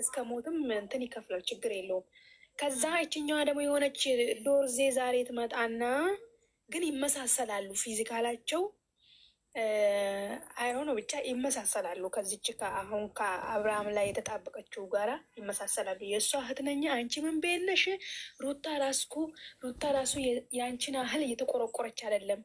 እስከ ሞትም እንትን ይከፍላል፣ ችግር የለውም። ከዛ ይችኛዋ ደግሞ የሆነች ዶርዜ ዛሬ ትመጣና ግን ይመሳሰላሉ ፊዚካላቸው አይሆኑ ብቻ ይመሳሰላሉ። ከዚች አሁን ከአብርሃም ላይ የተጣበቀችው ጋራ ይመሳሰላሉ። የእሷ እህት አንቺ ምን ቤነሽ ሩታ ራስኩ ሩታ ራሱ የአንቺን አህል እየተቆረቆረች አይደለም።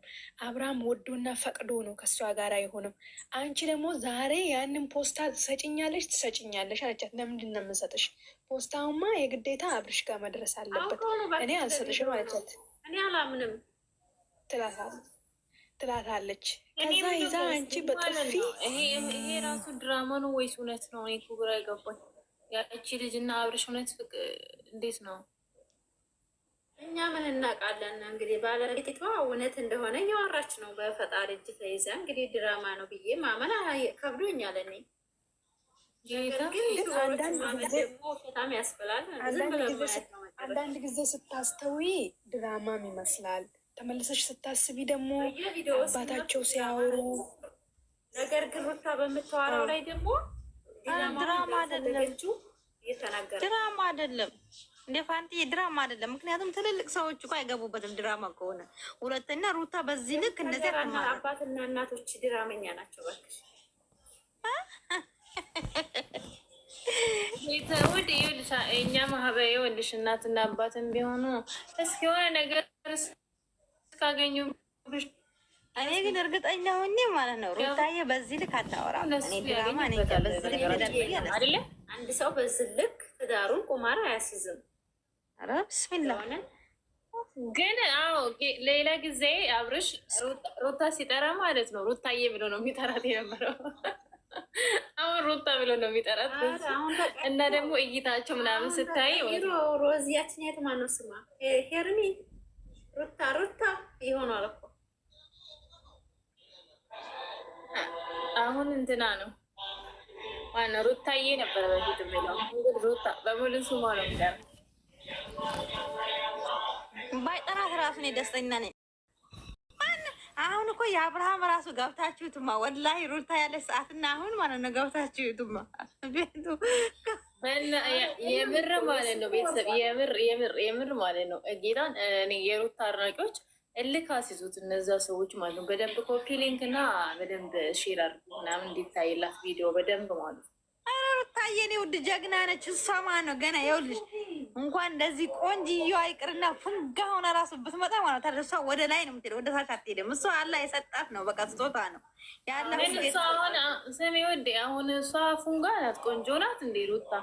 አብርሃም ወዶና ፈቅዶ ነው ከእሷ ጋራ የሆነው። አንቺ ደግሞ ዛሬ ያንን ፖስታ ትሰጭኛለሽ ትሰጭኛለሽ አለቻት። ለምንድን ነው የምንሰጥሽ? ፖስታውማ የግዴታ አብርሽ ጋር መድረስ አለበት። እኔ አልሰጥሽም አለቻት። እኔ አላምንም ትላታለች ትላታለች። ከዛ ይዛ አንቺ በጥፊ ይሄ ራሱ ድራማ ነው ወይስ እውነት ነው? እኔ እኮ ግራ ይገባኝ። ያቺ ልጅ እና አብረሽ እውነት እንዴት ነው? እኛ ምን እናውቃለን? እንግዲህ ባለቤቷ እውነት እንደሆነ እያወራች ነው። በፈጣሪ እጅ ተይዘ እንግዲህ ድራማ ነው ብዬ ማመን ከብዶኛል። እኔ አንዳንድ ጊዜ ስታስተውይ ድራማም ይመስላል ተመልሰሽ ስታስቢ ደግሞ አባታቸው ሲያወሩ ነገር ግን ሩታ በምታወራው ላይ ደግሞ ድራማ አይደለም፣ ድራማ አይደለም እንደ ፋንቲ ድራማ አይደለም። ምክንያቱም ትልልቅ ሰዎች እኮ አይገቡበትም ድራማ ከሆነ። ሁለተኛ ሩታ በዚህ ልክ እንደዚህ አባትና እናቶች ድራመኛ ናቸው። እባክሽ ቤተውድ ይኸውልሽ፣ እኛ ማህበሬ ይኸውልሽ እናትና አባትም ቢሆኑ እስኪ የሆነ ነገር እስካገኙ እኔ ግን እርግጠኛ ሆኜ ማለት ነው ሩታዬ በዚህ ልክ አታወራም። አይደለ አንድ ሰው በዚህ ልክ ትዳሩን ቁማር አያስይዝም። ኧረ ብስሚላ ግን አዎ፣ ሌላ ጊዜ አብርሽ ሩታ ሲጠራ ማለት ነው ሩታዬ ብሎ ነው የሚጠራት የነበረው። አሁን ሩታ ብሎ ነው የሚጠራት እና ደግሞ እይታቸው ምናምን ስታይ ሮዚያችን የትማ ነው ስማ ሄርሚ ሩታ ሩታ ይሆናል እኮ አሁን እንትና ነው ማነው? ሩታዬ ነበረ በፊት የሚለው ሩታ በሙሉ ስሟ ነው ሚለ ባይጠራት ራሱ እኔ ደስተኛ ነኝ። አሁን እኮ የአብርሃም ራሱ ገብታችሁትማ ወላሂ ሩታ ያለ ሰዓትና አሁን ማለት ነው ገብታችሁትማ ቤቱ የምር ማለት ነው ቤተሰብ የምር የምር የምር ማለት ነው። ጌታን እኔ የሩት አድናቂዎች እልክ አስይዙት እነዛ ሰዎች ማለት ነው። በደንብ ኮፒ ሊንክ እና በደንብ ሼር አድርጉ ምናምን እንዲታይላት ቪዲዮ በደንብ ማለት ነው። ሩታዬ እኔ ውድ ጀግና ነች። እሷ ማለት ነው ገና ይኸውልሽ እንኳን እንደዚህ ቆንጅዬዋ ይቅርና ፉንጋ ሆና ራሱ ብትመጣ ማለት እሷ ወደ ላይ ነው የምትሄደው፣ ወደ ታች አትሄድም። እሷ አላህ የሰጣት ነው፣ በቃ ስጦታ ነው ያለ ስሜ ወዴ። አሁን እሷ ፉንጋ ናት፣ ቆንጆ ናት። እንዴ ሩታ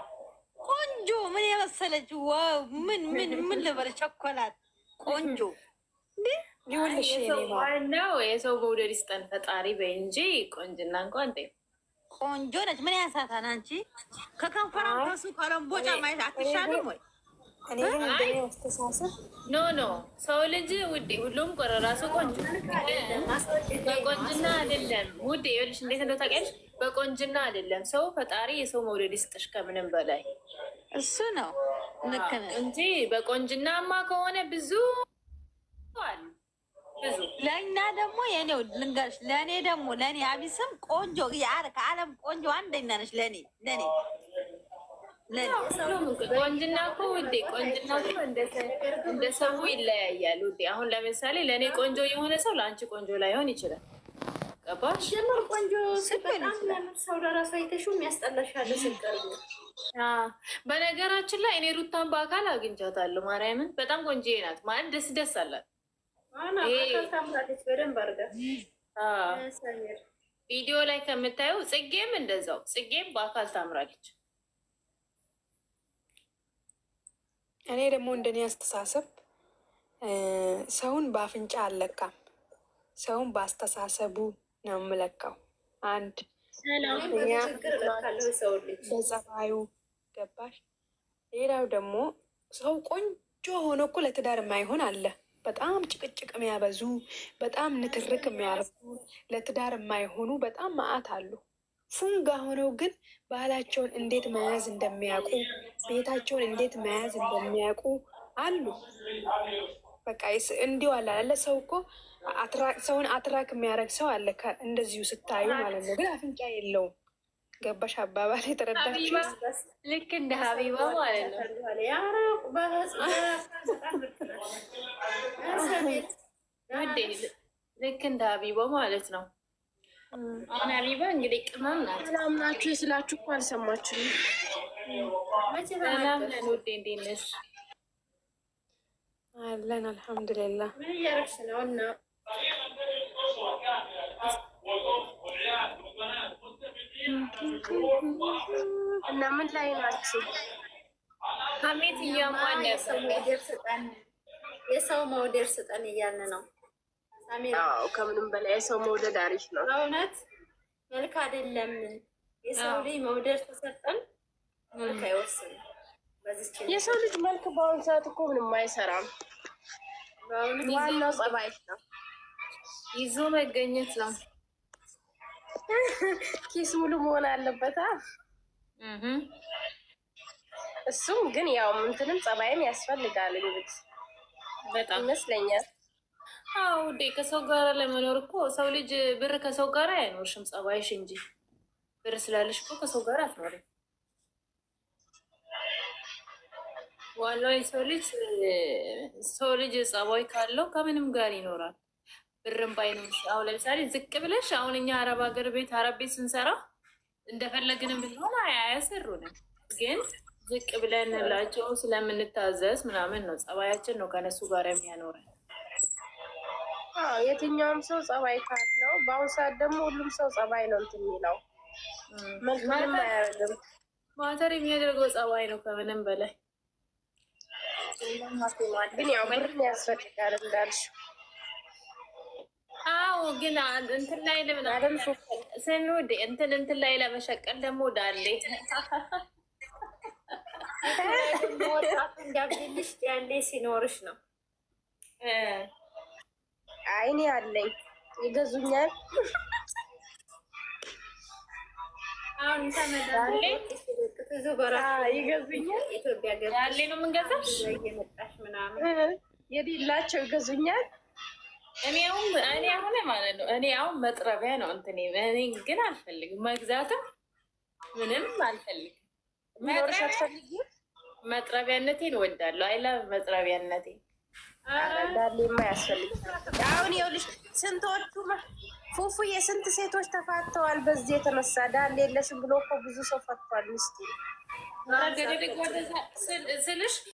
ቆንጆ ምን የመሰለች ዋው! ምን ምን ምን ልበለ? ቸኮላት ቆንጆ ነው። የሰው መውደድ ይስጠን ፈጣሪ በይ እንጂ ቆንጅና እንኳን ቆንጆ ነች። ምን ያሳታል አንቺ ከከንፈራ ከሱ ከለምቦጫ ማየት አትሻልም ወይ? ኖ ኖ ሰው ልጅ ውዴ ሁሉም ቆረ ራሱ ቆንጆ በቆንጅና አይደለም ውዴ ይኸውልሽ እንዴት እንደው ታውቂያለሽ በቆንጅና አይደለም ሰው ፈጣሪ የሰው መውደድ ይስጥሽ ከምንም በላይ እሱ ነው እንጂ በቆንጅናማ ከሆነ ብዙ ለእኛ ደግሞ የኔው ልንገርሽ፣ ለእኔ ደግሞ ለእኔ አቢስም ቆንጆ ከዓለም ቆንጆ አንደኛ ነች ለእኔ ለእኔ ቆንጅና እኮ ውዴ ቆንጅና እንደ ሰው ይለያያል ውዴ። አሁን ለምሳሌ ለእኔ ቆንጆ የሆነ ሰው ለአንቺ ቆንጆ ላይሆን ይችላል። ገባሽ? ቆንጆ ሰው ለራሱ አይተሽው የሚያስጠላሻለ ስቀር። በነገራችን ላይ እኔ ሩታን በአካል አግኝቻታለሁ። ማርያምን በጣም ቆንጆ ናት ማለት ደስ ደስ አላት። ቪዲዮ ላይ ከምታየው ጽጌም እንደዛው ጽጌም በአካል ታምራለች። እኔ ደግሞ እንደኔ አስተሳሰብ ሰውን በአፍንጫ አልለካም፣ ሰውን በአስተሳሰቡ ነው የምለካው። አንድ በጸባዩ ገባሽ። ሌላው ደግሞ ሰው ቆንጆ ሆኖ እኮ ለትዳር የማይሆን አለ። በጣም ጭቅጭቅ የሚያበዙ፣ በጣም ንትርክ የሚያርጉ፣ ለትዳር የማይሆኑ በጣም መዓት አሉ። ፉንጋ ሆነው ግን ባህላቸውን እንዴት መያዝ እንደሚያውቁ ቤታቸውን እንዴት መያዝ እንደሚያውቁ አሉ። በቃ እንዲሁ አለ አለ ሰው እኮ ሰውን አትራክ የሚያደርግ ሰው አለ። እንደዚሁ ስታዩ ማለት ነው። ግን አፍንጫ የለውም። ገባሽ አባባል የተረዳችው ልክ እንደ ሀቢባ ማለት ነው። ልክ እንደ ሀቢባ ማለት ነው። አሁን እንግዲህ ቅመም ናት። ሰላም ናችሁ ስላችሁ እኮ አልሰማችሁም። ሰላም ነን ውዴ፣ እንዴት ነሽ? አለን እና ምን ላይ ናችሁ? ሀሜት እያሟን የሰው መውደር ስጠን፣ የሰው መውደር ነው ከምንም በላይ የሰው መውደድ አሪፍ ነው። በእውነት መልክ አይደለም የሰው ልጅ መውደድ ተሰጠን መልክ አይወስንም። የሰው ልጅ መልክ በአሁኑ ሰዓት እኮ ምንም አይሰራም። ዋናው ጸባይ ነው፣ ይዞ መገኘት ነው። ኪስ ሙሉ መሆን አለበታ። እሱም ግን ያው ምንትንም ጸባይም ያስፈልጋል እንግዲህ በጣም ይመስለኛል። ውዴ ከሰው ጋር ለመኖር እኮ ሰው ልጅ ብር ከሰው ጋር አይኖርሽም፣ ጸባይሽ እንጂ ብር ስላለሽ እኮ ከሰው ጋር አትኖርም። ዋናው የሰው ልጅ ሰው ልጅ ጸባይ ካለው ከምንም ጋር ይኖራል። ብርም ባይኖርሽ አሁን ለምሳሌ ዝቅ ብለሽ አሁን እኛ አረብ ሀገር ቤት አረብ ቤት ስንሰራ እንደፈለግንም ብንሆን አያሰሩንም፣ ግን ዝቅ ብለን ላቸው ስለምንታዘዝ ምናምን ነው ጸባያችን ነው ከነሱ ጋር የሚያኖረን የትኛውም ሰው ጸባይ ካለው በአሁኑ ሰዓት ደግሞ ሁሉም ሰው ጸባይ ነው እንትን የሚለው ምንም አያደርግም። ማተር የሚያደርገው ጸባይ ነው ከምንም በላይ ግን ያው ብርን ያስፈልጋል እንዳልሽ አዎ ግን እንትን ላይ ለምን ስንወድ እንትን እንትን ላይ ለመሸቀል ደግሞ ዳሌ ወጣት እንዳብልሽ ያሌ ሲኖርሽ ነው አይኔ አለኝ ይገዙኛል። አሁን ይገዙኛል። የሌላቸው ይገዙኛል። እኔ አሁን እኔ አሁን ማለት ነው እኔ አሁን መጥረቢያ ነው እንትኔ እኔ ግን አልፈልግም መግዛትም ምንም አልፈልግም። መጥረቢያነቴን እወዳለሁ። አይለ መጥረቢያነቴን ዳሌማ ያስፈልግ። አሁን ይኸውልሽ ስንቶቹ ፉፉዬ የስንት ሴቶች ተፋተዋል በዚህ የተነሳ። ዳሌ የለሽም ብሎ እኮ ብዙ ሰው ፈቷል። ሚስቴ ስልሽ